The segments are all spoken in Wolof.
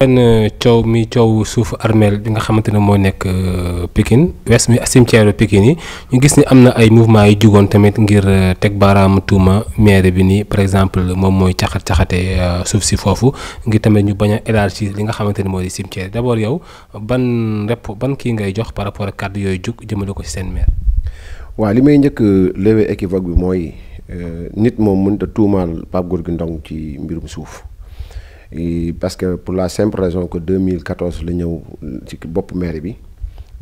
benn euh, coow mi coow suufu armeel bi nga xamante ne moo nekk euh, Pikine west mi cimetière Pikine yi ñu gis ni am na ay mouvement yu jugoon tamit ngir euh, teg baaraamu tuuma maire bi nii par exemple moom mooy caxat caxate suuf si foofu ngir tamit ñu bañ a li nga xamante ne moo di cimetière d'abord yow ban rep ban kii ngay jox par rapport ak kàddu yooyu jug jëmale ko ci seen maire. waaw li may njëkk lever équivoque bi mooy nit moom mën a tuumaal Pape Gorgui Ndong ci mbirum suuf. Et parce que pour la simple raison mille 2014 la ñëw ci bopp maire bi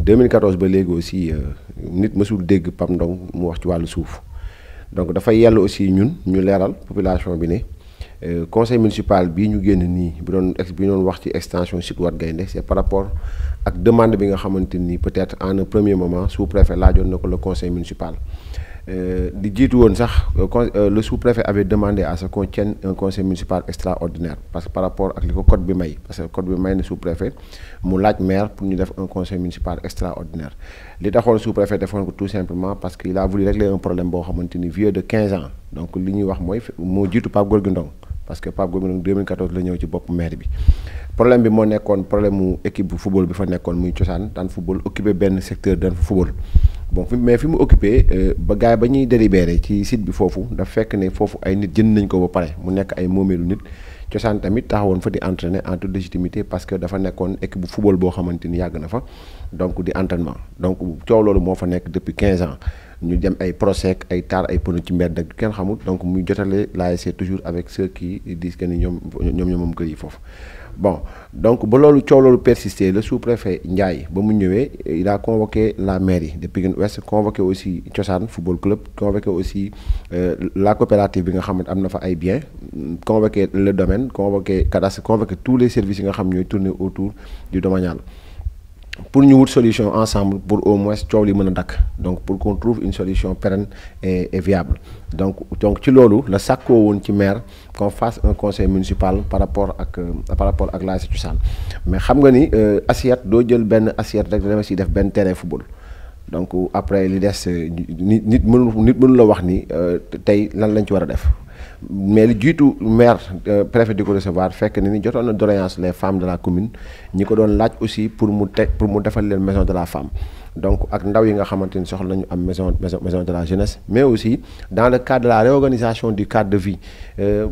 2014 ba léegi aussi euh, nit mësul dégg pam Ndong mu wax ci wàllu suuf donc dafay yàlla aussi ñun ñu leeral population bi ne euh, conseil municipal bii ñu génn nii bi doon bi doon wax ci extension site Wat Gaindé c'est par rapport ak demande bi nga xamante ni peut-être en un premier moment sous-préfet laajoon na ko le conseil municipal Euh, di jiitu woon sax euh, euh, le sous-préfet avait demandé à ce qu'on tienne un conseil municipal extraordinaire parce que par rapport ak li ko code bi may parce que code bi may na sous-préfet mu laaj maire pour ñu def un conseil municipal extraordinaire li taxoon sous-préfet defoon ko tout simplement parce que il a voulu régler un problème boo xamante ni vieux de 15 ans donc li ñuy wax mooy moo jiitu Pape Gorgui Ndong parce que Pape Gorgui Ndong 2014 la ñëw ci bopp maire bi problème bi moo nekkoon problème mu équipe bu bi fa nekkoon muy cosaan daan football occupé benn secteur daan football bon mais fi mu occupé euh, ba gars ba ñuy délibéré ci site bi foofu daf fekk ne foofu ay nit jënd nañ ko ba pare mu nekk ay moomeelu nit cosaan tamit taxawoon fa di entraîner en toute légitimité parce que dafa nekkoon équipe bu football boo xamante ni yàgg na fa donc di entraînement donc coow loolu moo fa nekk depuis quinze ans ñu dem ay procès ay taar ay pneu ci mbedd ak kenn xamul donc muy jotale l'ASC toujours avec ceux qui di que ni ñoom ñoom ñoom moom kër foofu. bon donc ba loolu coow loolu persister le sous-préfet Ndiaye ba mu ñëwee il a convoqué la mairie de Pikine Ouest convoqué aussi Cosaan football club convoqué aussi euh, la coopérative bi nga xam ne am na fa ay biens convoqué le domaine convoqué cadastre convoqué tous les services yi nga xam ñooy tourner autour du domanial pour ñu wut solution ensemble pour au moins coow li mën a dakk donc pour qu'on trouve une solution pérenne et, viable donc donc ci loolu la sàkkoo woon ci maire qu'on fasse un conseil municipal par rapport ak euh, par rapport ak laaj cosaan mais xam nga ni euh, assiette doo jël benn assiette rek dama def benn terrain football donc après li des euh, nit nit mënul nit mënul la wax ni tey lan lañ ci war a def mais li jiitu maire euh, préfet di ko recevoir fekk ni ni jotoon na doléance les femmes de la commune ñi ko doon laaj aussi pour mu teg pour mu defal leen maison de la femme donc ak ndaw yi nga xamante soxla nañu am maison maison la jeunesse mais aussi dans le cadre de la réorganisation du cadre de vie euh,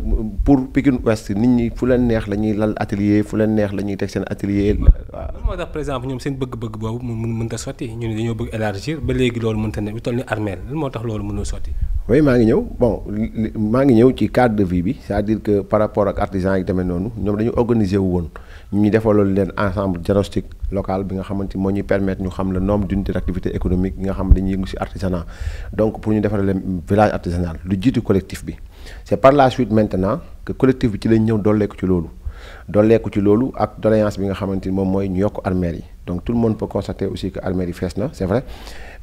pour Pikine Ouest nit ñi fu leen neex la ñuy lal atelier fu leen neex la ñuy teg seen atelier. waaw loolu moo tax par exemple ñoom seen bëgg-bëgg boobu mën mënta sotti ñu ne dañoo bëgg élargir ba loolu mënta ne lu toll oui maa ngi ñëw bon maa ngi ñëw ci cadre de vie bi cest dire que par rapport ak artisans yi tamit noonu ñoom dañu organiser wu woon ñu defaloon leen ensemble diagnostic local bi nga xamante moo ñuy permettre ñu xam le nombre d'unités d'activité économique yi nga xam dañuy yëngu ci artisanat donc pour ñu defaral leen village artisanal lu jiitu collectif bi c'est par la suite maintenant que collectif bi ci lañ ñëw dolleeku ci loolu dolleeku ci loolu ak doléance bi nga xamante moom mooy ñu yokk armères yi donc tout le monde peut constater aussi que armée yi fees na c'est vrai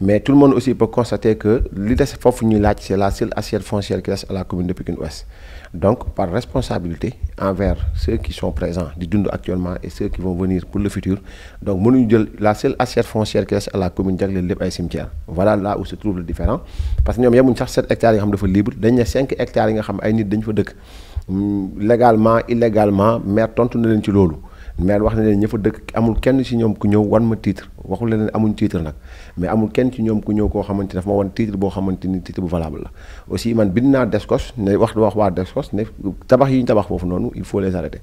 mais tout le monde aussi peut constater que li des foofu ñuy laaj c'est la seule assiette foncière qui la commune de Pikine Ouest donc par responsabilité envers ceux qui sont présents di dund actuellement et ceux qui vont venir pour le futur donc mënuñu jël la seule assiette foncière qui la commune jagleel lépp ay cimetière voilà là où se trouve le différent parce que ñoom yemuñ sax 7 légalement illégalement maire leen ci loolu mais wax na leen ña fa dëkk amul kenn ci ñoom ku ñëw wan ma titre waxul leen amuñ titre nag mais amul kenn ci ñoom ku ñëw koo xamante daf ma wan titre boo xamante ni titre bu valable la aussi man bind naa Descos ne wax wax waa Descos ne tabax yi ñu tabax foofu noonu il faut les arrêter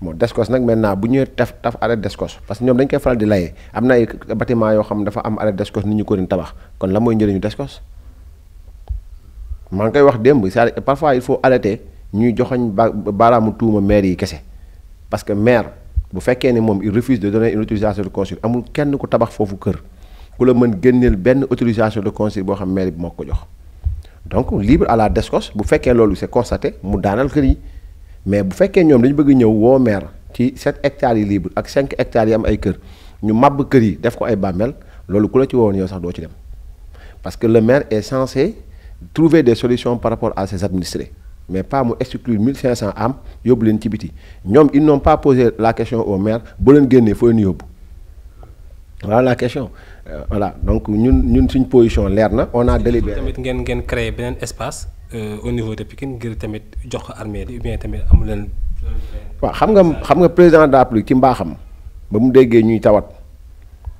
bon Descos nag maintenant bu ñëwee taf taf arrêt Descos parce que ñoom dañ koy faral di layee am na ay yoo xam dafa am arrêt Descos nit ñu ko doon tabax kon la mooy njëriñu Descos maa ngi koy wax démb sa parfois il faut arrêter ñuy joxañ ba baaraamu tuuma maire yi kese parce que maire bu fekkee ne moom il refuse de donner une autorisation de construire amul kenn ku tabax foofu kër ku la mën génneel benn autorisation de construire boo xam mairie bu moo ko jox donc libre à la DSCOS bu fekkee loolu c'est constaté mu daanal kër yi mais bu fekkee ñoom dañu bëgg ñëw woo maire ci 7 hectares yi libre ak cinq hectares yi am ay kër ñu màbb kër yi def ko ay bàmmeel loolu ku la ci woowoon yow sax doo ci dem parce que le maire et censé trouver des solutions par rapport à ses mais pas mu cinq cent âmes yóbbu leen ci biti ñoom ils n'ont pas posé la question au maire bu leen génnee fooy nu yóbbu voilà la question euh, voilà donc ñun ñun suñ position leer na on a délibéré. tamit ngeen ngeen créé beneen espace euh, au niveau de Pikine ngir tamit jox ko armée li tamit amu leen. waaw xam nga xam nga président de la République ci mbaaxam ba mu déggee ñuy tawat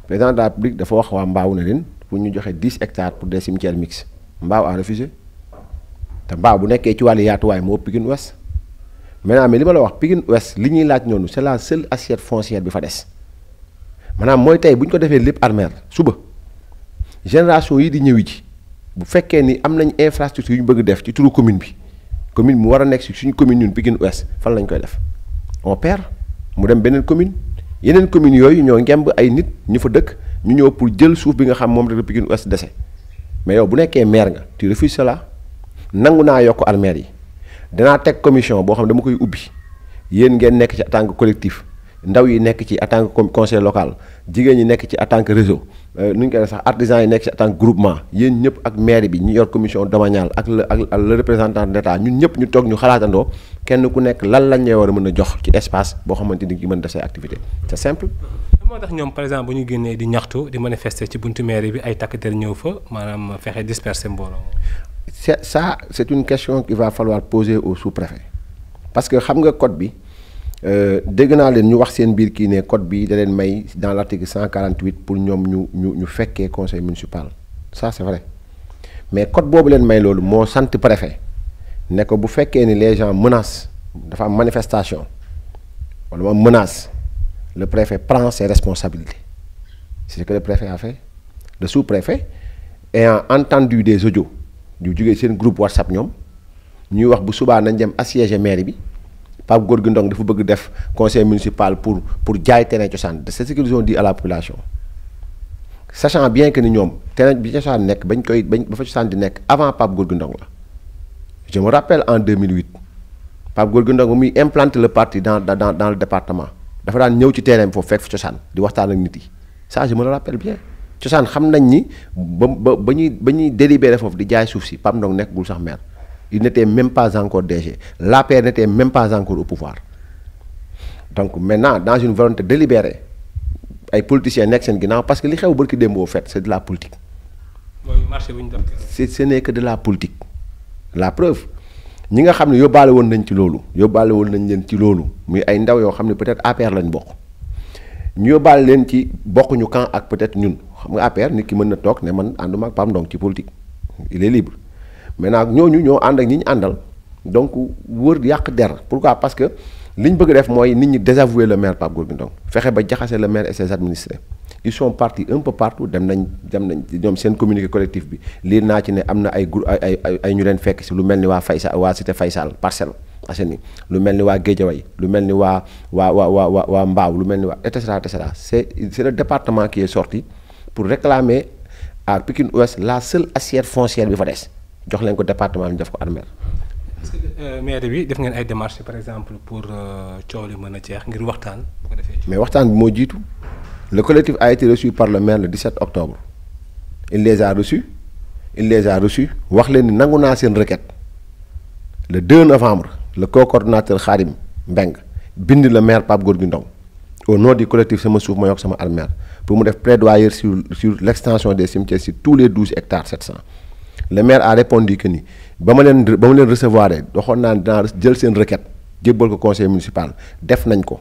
président de la République dafa wax waa Mbaaw ne leen pour ñu joxe 10 hectares pour des cimetières mixtes Mbaaw a te mbaaw bu nekkee ci wàllu yaatuwaay moo Pikine Ouest maintenant mais li ma la wax Pikine Ouest li ñuy laaj noonu c'est la seule assiette foncière bi fa des maanaam mooy tey bu ñu ko defee lépp armère suba génération yi di ñëwi ji bu fekkee ni am nañ infrastructure yu ñu bëgg def ci turu commune bi commune mu war a nekk si suñu commune ñun Pikine Ouest fan lañ koy def on perd mu dem beneen commune yeneen communes yooyu ñoo ngemb ay nit ñu fa dëkk ñu ñëw pour jël suuf bi nga xam moom rek Pikine Ouest dese mais yow bu nekkee maire nga nangu naa yokk armeel yi danaa teg commission boo xam ne dama koy ubbi yéen ngeen nekk ci en collectif ndaw yi nekk ci en tant que conseil local jigéen ñi nekk ci en tant que réseau euh, nu ñu koy sax artisans yi nekk ci en tant que groupement yéen ñëpp ak maire bi ñu yor commission domaniale ak la ak le représentant d' ñun ñëpp ñu toog ñu xalaatandoo kenn ku nekk lan lañ ñuy war a mën a jox ci espace boo xamante ni di mën a def say activité c' est simple. moo tax ñoom par exemple bu ñu génnee di ñaxtu di manifester ci buntu bi ay takk der ñëw fa maanaam fexe disperser c'est ça c'est une question qu'il va falloir poser au sous-préfet parce que xam nga code bi euh, dégg naa leen ñu wax seen biir kii ne code bi da leen may dans l'article 148 pour ñoom ñu ñu ñu fekkee conseil municipal ça c'est vrai mais code boobu leen may loolu moo sant préfet ne ko bu fekkee ni les gens menacent dafa am manifestation wala moom menace le préfet prend ses responsabilités c'est ce que le préfet a fait le sous-préfet ayant entendu des audios ñu jugee seen groupe whatsapp ñoom ñuy wax bu subaa nañ dem assiéger mairie bi Pape Gorgui Ndong dafa bëgg def conseil municipal pour pour jaay terrain cosaan c'est ce qu'ils ont dit à la population sachant bien que ni ñoom terrain bi cosaan nekk bañ koy bañ ba fa cosaan di nekk avant Pape Gorgui Ndong la je me rappelle en 2008 Pape Gorgui Ndong muy implanter le parti dans dans dans département dafa daan ñëw ci terrain bi foofu fekk fa cosaan di waxtaan ak nit yi ça je me le rappelle cosaan xam nañ ni ba ba ba ñuy ba ñuy délibéré foofu di jaay suuf si Pape nekk nekkul sax maire il n'était même pas encore DG l'APR n'était même pas encore au pouvoir donc maintenant dans une volonté délibérée ay politiciens nekk seen ginnaaw parce que li xew barki démboo fet c'est de la politique. mooy marché bu ñu def ce n'est que de la politique la preuve ñi nga xam ne yóbbaale woon nañ ci loolu yóbbaale woon nañ leen ci loolu muy ay ndaw yoo xam ne peut-être APR lañ bokk ñu yóbbaale leen ci bokkuñu camp ak peut-être ñun. xam nga APR nit ki mën na toog ne man ànduma ak Pape Ndong ci politique il est libre maintenant ñooñu ñoo ànd ak ñi ñu àndal donc wër yàq der pourquoi parce que li ñu bëgg def mooy nit ñi désavouer le maire Pape Gorgui Ndong fexe ba jaxase le maire et ses administrés ils sont partis un peu partout dem nañ dem nañ ñoom seen communiqué collective bi lii naa ci ne am na ay groupe ay ay ñu leen fekk si lu mel ni waa Faysa waa Cité Faysal Parcelles Assainies lu mel ni waa Guédiawaye lu mel ni waa waa waa waa waa Mbaaw lu mel ni waa et le département qui sorti pour réclamer à Pikine Ouest la seule assiette foncière bi fa des jox leen ko département bi ñu ko armeel. est-ce euh, maire bi def ngeen ay démarches par exemple pour euh, coow li mën a jeex ngir waxtaan. bu ko defee mais waxtaan bi moo jiitu le collectif a été reçu par le maire le 17 octobre il les a reçus il les a reçus wax leen ni nangu naa seen requête le 2 novembre le co-coordonnateur Xaarim Mbeng bind la maire Pape Gorgui Ndong au nom du collectif sama suuf ma yokk sama armeel pour mu def plaidoyer sur sur l' extension des cimetières sur tous les douze hectares sept cent le a répondu que ni ba ma leen ba ma leen recevoir waxoon naa dinaa jël seen requête jébbal ko conseil municipal def nañ ko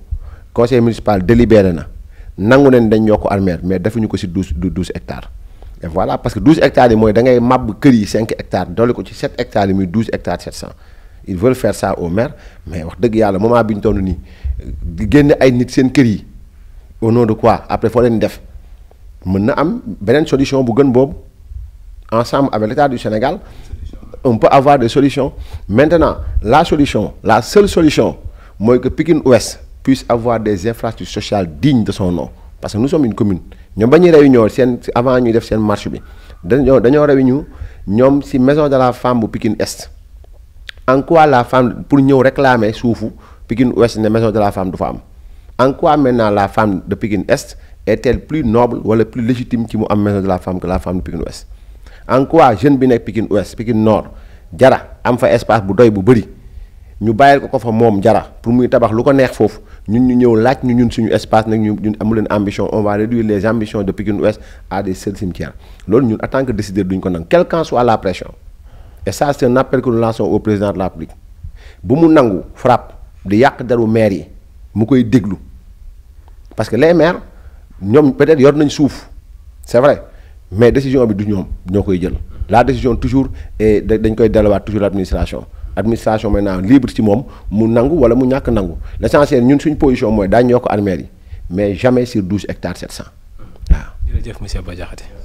conseil municipal délibéré na nangu nañ dañ yokk armeel mais defuñu ko si douze douze ectare et voilà parce que douze hectares yi mooy da màbb kër yi cinq hectares dolli ko ci sept hectares yi muy douze hectares sept cent. ils veulent faire ça au maire mais wax dëgg yàlla moment bi ñu toll nii di génne ay nit seen kër yi au nom de quoi après foo leen def mën na am beneen solution bu gën boobu ensemble avec l'État du Sénégal on peut avoir des solution maintenant la solution la seule solution mooy que Pikine Ouest puisse avoir des infrastructures sociales dignes de son nom parce que nous sommes commune ñoom ba ñuy ñoo seen avant ñuy def seen marche bi dañoo dañoo réunion ñoom ci maison de la femme bu Pikine en quoi la femme pour ñëw réclamer suufu Pikine Ouest ne maison la femme du fa am en quoi maintenant la femme de Pikine Est est plus noble wala plus légitime ci mu am maison la femme que la femme de Pikine Ouest en jeune bi nekk Pikine Ouest Pikine Nord jara am fa espace bu doy bu bëri ñu bàyyil ko ko fa moom jara pour muy tabax lu ko neex foofu ñu ñëw laaj ñu ñun suñu espace nag ñu ñun amu leen ambition on les ambitions de Pikine Ouest à des seuls cimetières que décideur duñ ko et ça c'est un appel que nous lançons au président de la République bu mu nangu frappe di yàq deru maire yi mu koy déglu parce que les maires ñoom peut-être yor nañ suuf c'est vrai mais décision bi du ñoom ñoo koy jël la décision toujours et dañ koy delluwaat toujours l'administration l'administration maintenant libre ci moom mu nangu wala mu ñàkk nangu l'essentiel ñun suñ position mooy daañu yokk armères yi mais jamais sur douze hectares sept cent waaw. jërëjëf monsieur Ba Diakhaté